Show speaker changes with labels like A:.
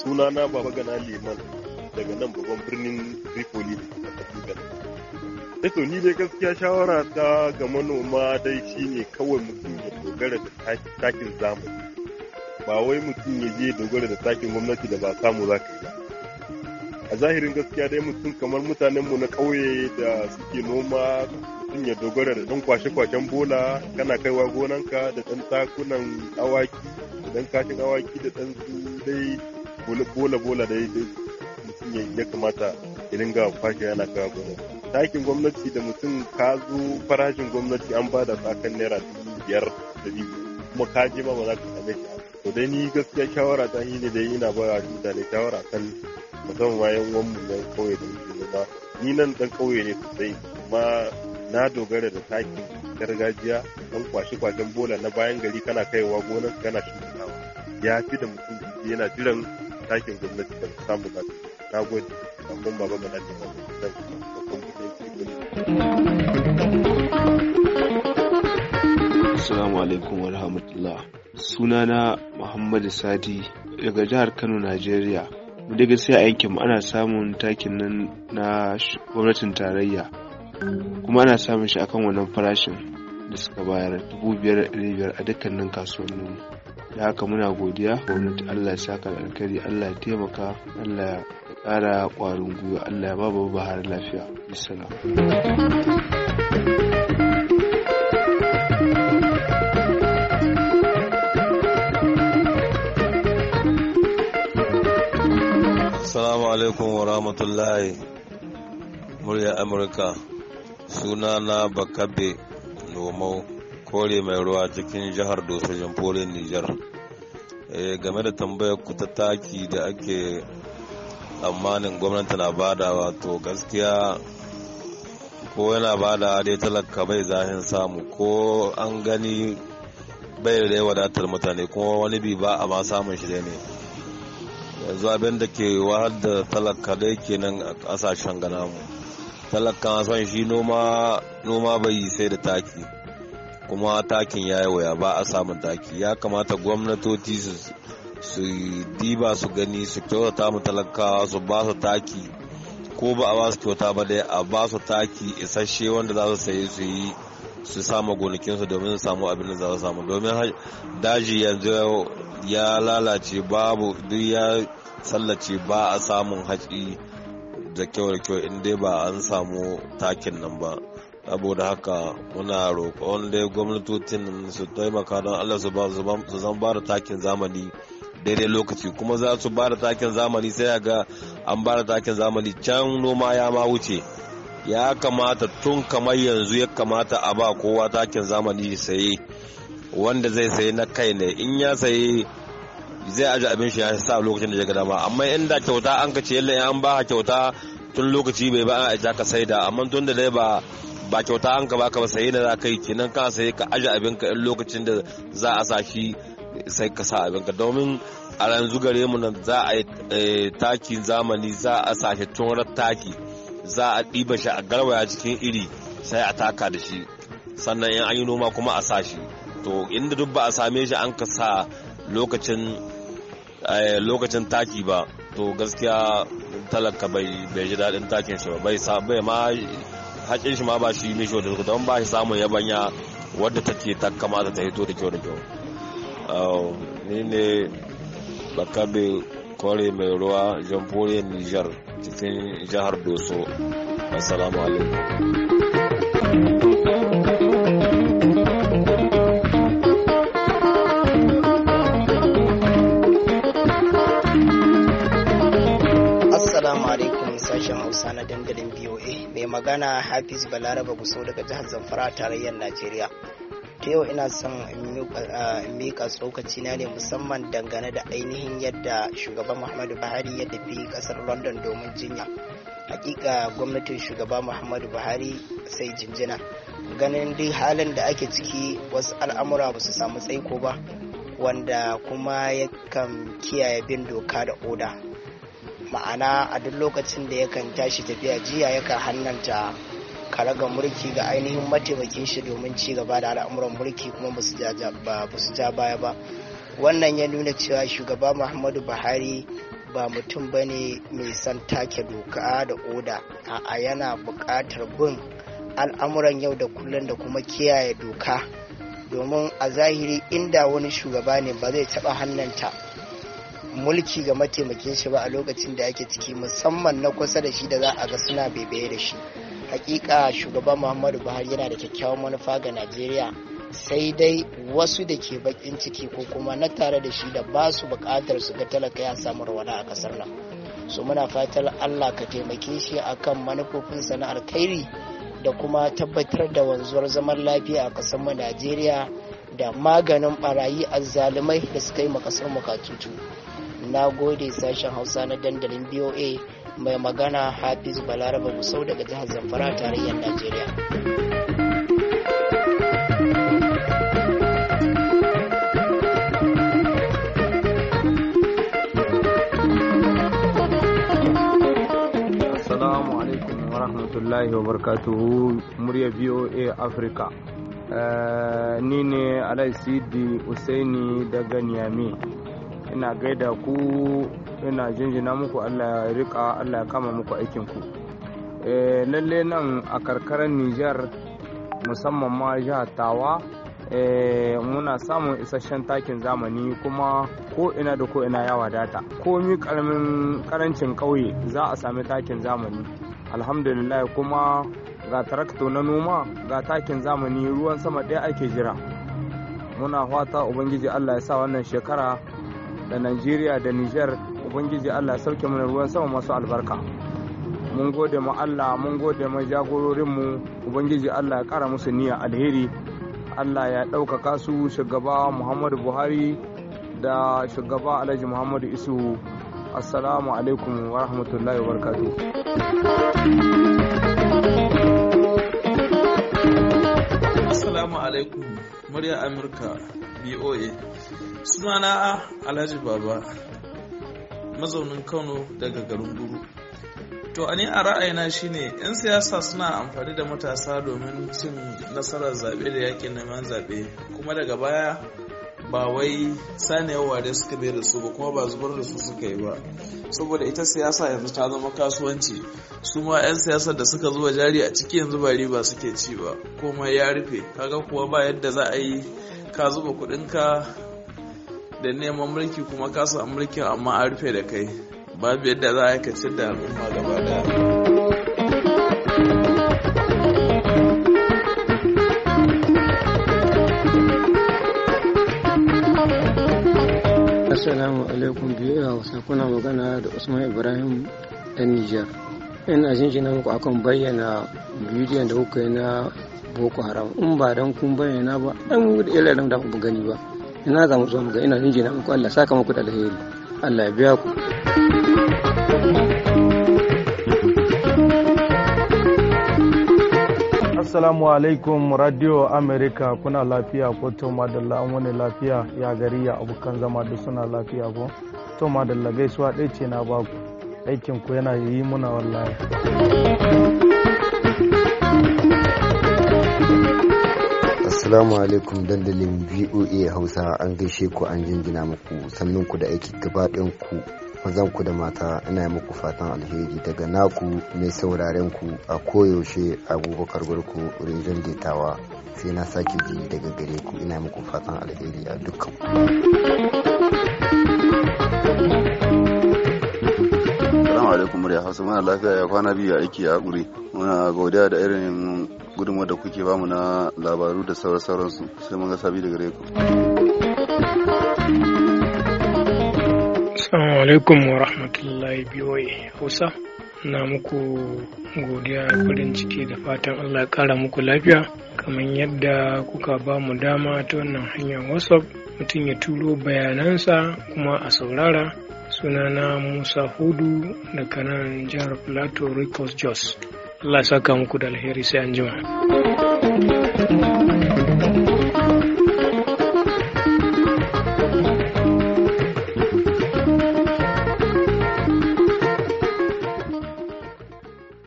A: sunana baba gana liman daga nan babban birnin ripoli a kasuwa eto eh ni dai gaskiya shawara ta ga manoma dai shine kawai mutum ya dogara da takin zamani ba wai mutum ya je dogara da takin gwamnati da ba samu za ka yi ba a zahirin gaskiya dai mutum kamar mu na ƙauye da suke noma mutum ya dogara da ɗan kwashe-kwashen bola kana kaiwa gonanka da ɗan takunan awaki da ɗan kashin awaki da ɗan dai bola-bola dai mutum ya kamata ya dinga kwashe yana kaiwa gonanka. Takin gwamnati da mutum ka zo farashin gwamnati an ba da tsakan naira dubu biyar da biyu kuma ka je ma ba za ka same shi to dai ni gaskiya shawara ta yi ne dai ina ba wa mutane shawara kan zan wayan wanmu na kauye da muke zama ni nan dan kauye ne sosai kuma na dogara da takin gargajiya dan kwashi kwashen bola na bayan gari kana kaiwa gonar kana shukawa ya fi da mutum yana jiran takin gwamnati da samu ba na gode sakon baba ga nan da
B: Assalamu alaikum wa rahmatullah. Sunana Muhammadu Sadi daga jihar Kano, Najeriya. mu dai gaskiya a yankin ana samun takin nan na gwamnatin tarayya kuma ana samun shi akan wannan farashin da suka bayar dubu biyar biyar a dukkanin kasuwannin da haka muna godiya gwamnati allah ya saka alkhairi allah ya taimaka allah ya kara ƙwarin gwiwa allah ya ba bahar lafiya bisalam
C: alaikum wa rahmatullahi murya amurka suna na bakabe nomau kore mai ruwa cikin jihar dosa jamhuriyar nijar eh, game da tambayar ku ta taki da ake tsammanin gwamnati na bada to gaskiya ko yana bada dai talaka bai zahin samu ko an gani bai da wadatar mutane kuma wani bi ba a ma samun shi ne yanzu abin da ke wahal da talaka dai kenan a kasashen gana mu talaka son shi noma bai yi sai da taki kuma takin ya yi waya ba a samun taki ya kamata gwamnatoci su diba su gani su kyautata mu talakawa su ba su taki ko ba a ba su kyauta ba dai a ba su taki isasshe wanda za su sayi su yi su samu gonakinsu domin su samu abin da za su samu domin daji yanzu ya lalace babu duk ya tsallace ba a samun haƙi da kyau da kyau in dai ba an samu takin nan ba saboda haka muna roƙon dai gwamnatocin su taimaka don allah su zan ba da takin zamani daidai lokaci kuma za su ba da takin zamani sai ga an ba da takin zamani can noma ya ma wuce ya kamata tun kamar yanzu ya kamata a ba kowa takin zamani saye wanda zai saye na kai ne in ya saye zai aji abin shi ya sa lokacin da ya gada ba amma inda kyauta an ka ce yalla an ba kyauta tun lokaci bai ba a ja ka saida amma tun da dai ba ba kyauta an ka baka ba saye da za ka yi kenan ka saye ka aji abin ka in lokacin da za a sa shi sai ka sa abin ka domin a yanzu gare mu nan za a yi eh, takin zamani za a sa shi tun taki za a ɗiba shi a garwaya cikin iri sai a taka da shi sannan in an yi noma kuma a sa shi to inda duk ba a same shi an ka sa lokacin eh, lokacin taki ba to gaskiya talaka bai bai ji daɗin takin shi bai sa bai ma haƙin shi ma ba shi mishi wata lokuta ba shi samun yabanya wadda take ta kamata ta hito da kyau da kyau ne bakabe kware mai ruwa jamhuriyar Nijar cikin jihar Doso. Assalamu alaikum.
D: sashen hausa na dandalin voa mai magana hafiz balaraba guso daga jihar zamfara tarayyar najeriya ta yau ina son in mika tsokaci na ne musamman dangane da ainihin yadda shugaban muhammadu buhari ya tafi kasar london domin jinya hakika gwamnatin shugaba muhammadu buhari sai jinjina ganin dai halin da ake ciki wasu al'amura ba su samu tsaiko ba wanda kuma yakan kiyaye bin doka da oda ma'ana a duk lokacin da yakan tashi tafiya jiya yakan hannanta karaga mulki ga ainihin mataimakin shi domin ci gaba da al'amuran mulki kuma ba su ja baya ba wannan ya nuna cewa shugaba muhammadu buhari ba mutum ba ne mai son take doka da oda a yana buƙatar bin al'amuran yau da kullum da kuma kiyaye doka domin a zahiri inda wani shugaba ne ba zai taɓa hannanta mulki ga mataimakin shi ba a lokacin da ake ciki musamman na kusa da shi da za a ga suna bebe da shi hakika shugaban muhammadu buhari yana da kyakkyawan manufa ga najeriya sai dai wasu da ke bakin ciki ko kuma na tare da shi da ba su bukatar su ga talaka ya samu rawana a kasar nan Su muna fatan allah ka taimake shi akan manufofin sana'ar alkhairi da kuma tabbatar da wanzuwar zaman lafiya a kasar mu najeriya da maganin barayi azzalumai da suka yi mu katutu. na gode sashen hausa na dandalin boa mai magana hafiz balaraba musau daga jihar zamfara tarayyar najeriya
B: Assalamu alaikum wa rahmatullahi wa barkatu murya VOA Africa. Eh, ni ne Alaisidi Usaini daga Niamey. ina gaida ku ina jinjina muku allah ya rika allah ya kama muku aikin ku eh, lalle nan a karkarar niger musamman ma jihar tawa eh, muna samun isasshen takin zamani kuma ko ina da ko ina ya wadata komi karamin karancin ƙauye za a sami takin zamani alhamdulillah kuma ga tarakto na noma ga takin zamani ruwan sama ɗaya ake jira muna fata ubangiji allah ya sa wannan shekara da najeriya da niger ubangiji allah ya sauke mana ruwan sama masu albarka mun gode ma allah mun gode ma jagororinmu ubangiji allah ya kara musu niyya alheri allah ya ɗaukaka su shugaba muhammadu buhari da shugaba alhaji muhammadu isu assalamu alaikum wa rahmatullahi wa assalamu alaikum murya amurka boa sunana alhaji baba mazaunin Kano daga garin Guru. To a a ra'ayina shine 'yan siyasa suna amfani da matasa domin cin nasarar zaɓe da yakin neman zaɓe kuma daga baya ba wai saniyar ware suka bai da su ba kuma ba zubar da su suka yi ba saboda ita siyasa yanzu ta zama kasuwanci su ma 'yan siyasar da suka zuba jari a ciki yanzu ba riba suke ci ba komai ya rufe kaga kuwa ba yadda za a yi ka zuba kuɗinka da neman mulki kuma ka samu mulkin amma an rufe da kai babu yadda za a yi da al'umma gaba daya Assalamu alaikum biyu a wasu kuna magana da Usman Ibrahim ɗan Nijar. Ina jinjina muku akan bayyana bidiyon da kuka yi na Boko Haram. In ba dan kun bayyana ba, dan da ilalim da ku gani ba. ina za mu zo mu ga ina jinjina muku Allah saka muku da alheri Allah ya biya ku Assalamu alaikum Radio America kuna lafiya ko to madalla an wani lafiya ya gari ya abokan zama da suna lafiya ko to madalla gaisuwa ɗaya ce na baku aikin ku yana yi muna wallahi Assalamu alaikum dandalin VOA Hausa an gaishe ku an jinjina muku sannan ku da aiki gaba ku mazan ku da mata ina muku fatan alheri daga naku mai sauraren ku a koyaushe abubakar gurku rinjin detawa sai na sake ji daga gare ku ina
C: muku fatan alheri a dukkan Assalamu alaikum murya Hausa muna lafiya ya kwana biyu a aiki a guri muna godiya da irin gudunmu da kuke bamu na labaru da sauransu sai mun ga sabi da gare ku. Assalamu
B: alaikum wa rahmatullahi biyoyi Hausa. Na muku godiya da farin ciki da fatan Allah kara muku lafiya kamar yadda kuka ba mu dama ta wannan hanyar WhatsApp mutum ya turo bayanansa kuma a saurara sunana Musa Hudu da nan jihar Plateau Ricos Jos. Allah saka muku da alheri sai anjima.